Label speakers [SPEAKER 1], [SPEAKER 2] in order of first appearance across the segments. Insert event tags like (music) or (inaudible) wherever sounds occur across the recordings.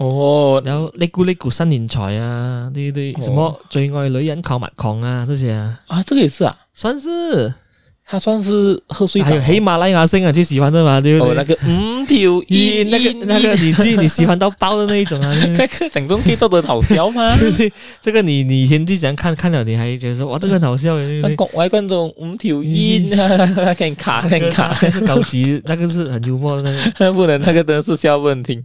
[SPEAKER 1] 哦，嚦咕嚦咕新年財啊，呢啲、哦、什麼最愛女人購物狂啊，都是啊。啊，這個也是啊，算是，佢算是賀歲、啊。還有喜馬拉雅星啊最喜歡的嘛，對不對哦，那個五條煙，那個、嗯嗯、那個、嗯那個嗯、你最你喜歡到爆的那一種啊。那個群眾聽到都好笑嘛， (laughs) 這個你你以前最想看看了你還覺得說哇，這個很好笑。各位觀眾，五條煙啊，靚卡靚卡，當時 (laughs) (laughs) (laughs) 高 (laughs) 那個是很幽默的，那個 (laughs) 不能，那個都是笑問題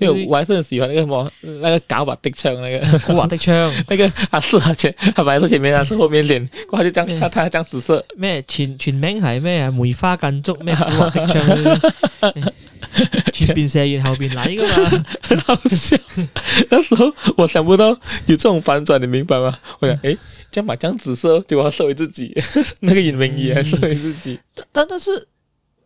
[SPEAKER 1] 沒有，我還是很喜歡那個什麼，那個搞華的槍，那個古華的槍，那個阿四前全，係、那、咪、個那個那個、是他把他前面阿 (laughs) 是後面臉佢話就將佢，佢話將紫色咩全 (laughs) 全名係咩啊梅花間竹咩古華的槍，前邊射完 (laughs) 後邊來一個嘛，很 (laughs) 好笑，那時候我想不到有這種反轉，你明白嗎？我想誒、欸，這將把將紫色就話射為自己， (laughs) 那個尹明儀還射為自己，但、嗯、但是。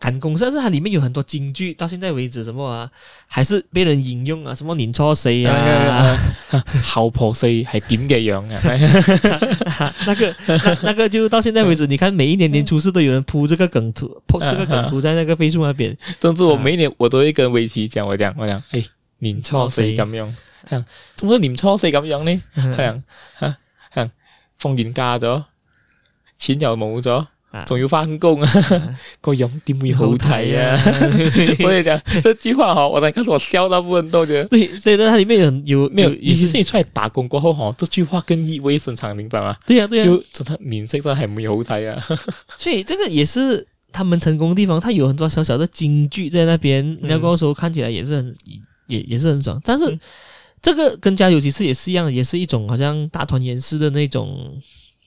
[SPEAKER 1] 彈弓，但是它裏面有很多金句，到現在為止什麼啊，還是被人引用啊，什麼年初四呀，好婆四係點嘅樣，樣啊， (laughs) 啊，那個那，那個就到現在為止， (laughs) 你看每一年年初四都有人鋪這個梗圖，啊，鋪這個梗圖在那個 Facebook 那邊，總、啊、之、啊、我每年我都會跟維奇講，我講我講，誒、哎，年初四咁樣，講、啊啊，怎麼年初四咁樣呢？講、啊，啊，講、啊，放完假咗，錢又冇咗。啊、仲要翻工啊，個樣點會好睇啊？我哋講這句話哈，我一開始我笑到不分都的對， (laughs) 對 (laughs) 所以喺裏面有有咩？尤其是你出來打工過後哈，這句話更意味深長，明白嗎？對呀、啊、對呀、啊，就真係面色真係唔會好睇啊。 (laughs) 所以這個也是他們成功的地方，他有很多小小的金句在那邊，你嗰個時候看起來也是很也也是很爽。但是這個跟家有喜事也是一樣，也是一種好像大團圓式的那種。